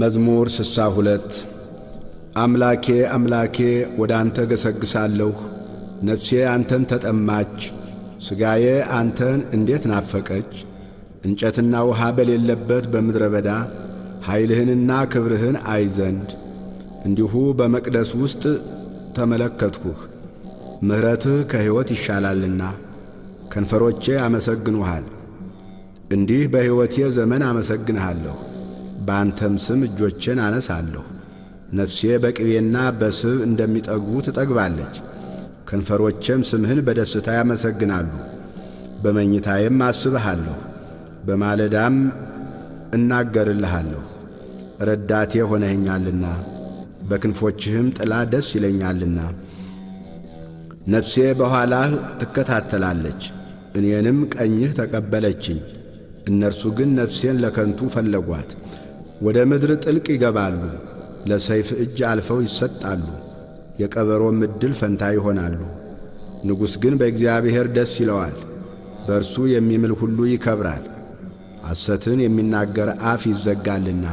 መዝሙር ስሳ ሁለት አምላኬ አምላኬ ወደ አንተ ገሰግሳለሁ፣ ነፍሴ አንተን ተጠማች፣ ሥጋዬ አንተን እንዴት ናፈቀች። እንጨትና ውሃ በሌለበት በምድረ በዳ ኃይልህንና ክብርህን አይ ዘንድ እንዲሁ በመቅደስ ውስጥ ተመለከትሁህ። ምሕረትህ ከሕይወት ይሻላልና ከንፈሮቼ ያመሰግኑሃል። እንዲህ በሕይወቴ ዘመን አመሰግንሃለሁ። በአንተም ስም እጆቼን አነሳለሁ። ነፍሴ በቅቤና በስብ እንደሚጠግቡ ትጠግባለች። ከንፈሮቼም ስምህን በደስታ ያመሰግናሉ። በመኝታዬም አስብሃለሁ፣ በማለዳም እናገርልሃለሁ። ረዳቴ ሆነኸኛልና በክንፎችህም ጥላ ደስ ይለኛልና። ነፍሴ በኋላህ ትከታተላለች፣ እኔንም ቀኝህ ተቀበለችኝ። እነርሱ ግን ነፍሴን ለከንቱ ፈለጓት። ወደ ምድር ጥልቅ ይገባሉ፣ ለሰይፍ እጅ አልፈው ይሰጣሉ፣ የቀበሮም ዕድል ፈንታ ይሆናሉ። ንጉሥ ግን በእግዚአብሔር ደስ ይለዋል፣ በእርሱ የሚምል ሁሉ ይከብራል። ሐሰትን የሚናገር አፍ ይዘጋልና